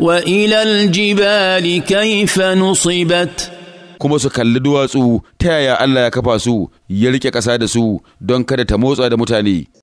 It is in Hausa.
وإلى الجبال كيف نصبت kuma su kalli duwatsu ta yaya Allah ya kafa su ya rike ƙasa da su don kada ta motsa da mutane